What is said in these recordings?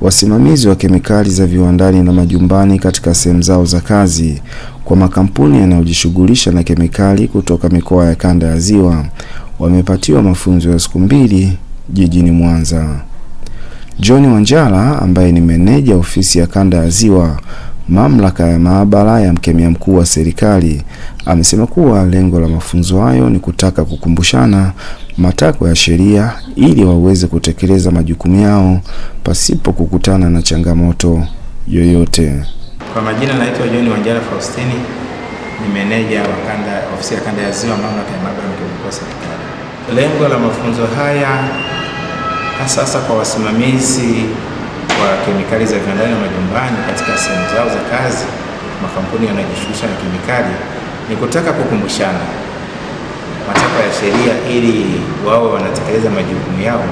wasimamizi wa kemikali za viwandani na majumbani katika sehemu zao za kazi kwa makampuni yanayojishughulisha na kemikali kutoka mikoa ya Kanda ya Ziwa wamepatiwa mafunzo ya siku mbili jijini Mwanza. John Wanjala ambaye ni meneja ofisi ya Kanda ya Ziwa Mamlaka ya Maabara ya Mkemia Mkuu wa Serikali amesema kuwa lengo la mafunzo hayo ni kutaka kukumbushana matakwa ya sheria ili waweze kutekeleza majukumu yao pasipo kukutana na changamoto yoyote. Kwa majina naitwa John Wanjala Faustini, ni meneja wa kanda, ofisi ya kanda ya Ziwa, Mamlaka ya Maabara ya Mkemia Mkuu wa Serikali. Lengo la mafunzo haya hasa kwa wasimamizi kwa kemikali za viwandani na majumbani katika sehemu zao za kazi, makampuni yanayojishughulisha na kemikali, ni kutaka kukumbushana matakwa ya sheria ili wao wanatekeleza majukumu yao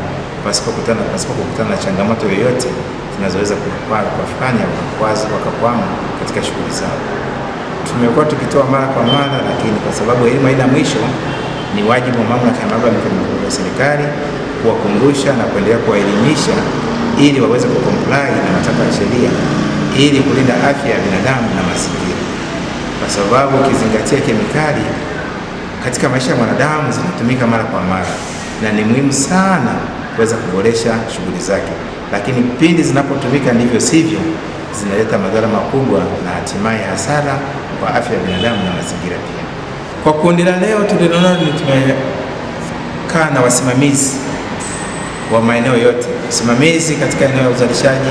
pasipo kukutana pasipo kukutana na changamoto yoyote zinazoweza kuwafanya wakakwama katika shughuli zao. Tumekuwa tukitoa mara kwa mara, lakini kwa sababu elimu haina mwisho, ni wajibu wa mamlaka ya maabara ya serikali kuwakumbusha na kuendelea kuwaelimisha ili waweze kukomplai na matakwa ya sheria ili kulinda afya ya binadamu na mazingira, kwa sababu ukizingatia kemikali katika maisha ya mwanadamu zinatumika mara kwa mara, na ni muhimu sana kuweza kuboresha shughuli zake, lakini pindi zinapotumika ndivyo sivyo, zinaleta madhara makubwa na hatimaye hasara kwa afya ya binadamu na mazingira pia. Kwa kundi la leo tulilonalo, tumekaa na wasimamizi wa maeneo yote simamizi katika eneo ya uzalishaji,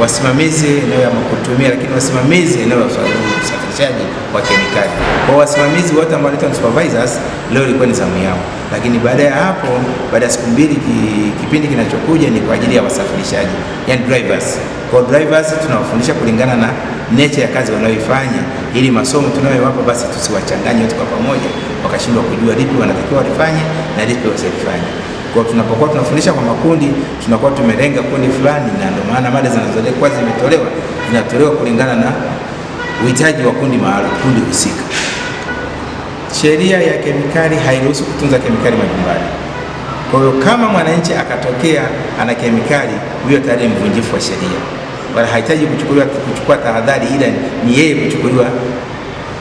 wasimamizi eneo ya makutumia, lakini wasimamizi eneo la usafirishaji wa kemikali. Kwa wasimamizi wote ambao wanaitwa supervisors, leo ilikuwa ni zamu yao, lakini baada ya hapo, baada ya siku mbili, kipindi kinachokuja ni kwa ajili ya wasafirishaji, yani drivers. Kwa drivers tunawafundisha kulingana na nature ya kazi wanayoifanya, ili masomo tunayowapa basi tusiwachanganye wote kwa pamoja, wakashindwa kujua lipi wanatakiwa walifanye na lipi wasifanye. Kwa tunapokuwa tunafundisha kwa makundi, tunakuwa tumelenga kundi fulani, na ndio maana mada zinazoje kwa zimetolewa zinatolewa kulingana na uhitaji wa kundi maalum, kundi husika. Sheria ya kemikali hairuhusu kutunza kemikali majumbani. Kwa hiyo kama mwananchi akatokea ana kemikali, huyo tayari ni mvunjifu wa sheria, wala hahitaji kuchukuliwa kuchukua tahadhari, ila ni yeye kuchukuliwa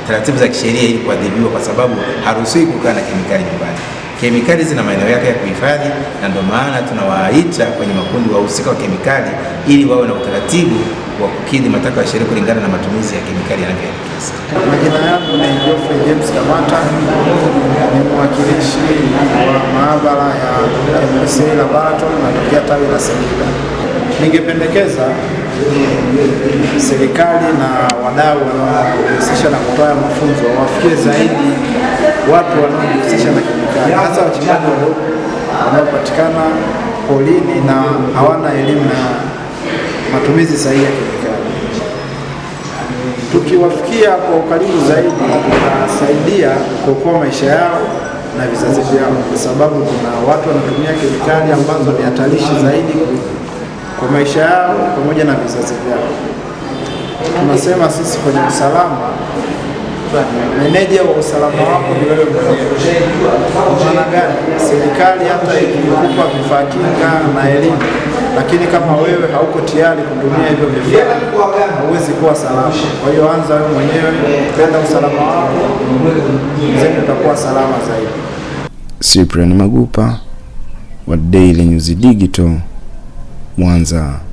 taratibu za kisheria ili kuadhibiwa, kwa sababu haruhusiwi kukaa na kemikali nyumbani. Kemikali zina maeneo yake ya kuhifadhi, na ndio maana tunawaita kwenye makundi wahusika wa kemikali ili wawe na utaratibu wa kukidhi matakwa ya sheria kulingana na matumizi ya kemikali yanavyoelekezwa. Majina yangu ni Geoffrey James Kamata, ni mwakilishi wa maabara ya MSA Laboratory natokea tawi la Singida. Ningependekeza serikali na wadau wanaohusisha na kutoa mafunzo wafikie zaidi watu wanaojihusisha na kemikali, hasa wachimbaji wadogo wanaopatikana polini na hawana elimu na matumizi sahihi ya kemikali. Tukiwafikia kwa ukaribu zaidi, tunasaidia kuokoa maisha yao na vizazi vyao, kwa sababu kuna watu wanatumia kemikali ambazo ni hatarishi zaidi kwa maisha yao pamoja na vizazi vyao. Tunasema sisi kwenye usalama meneja wa usalama wako ni wewe mwenyewe. Maana gani? Serikali hata ikikupa vifaa kinga na elimu, lakini kama wewe hauko tayari kutumia hivyo vifaa, hauwezi kuwa salama. Kwa hiyo anza wewe mwenyewe, penda usalama wako, zenu utakuwa salama zaidi. Cyprian Magupa wa Daily News Digital, Mwanza.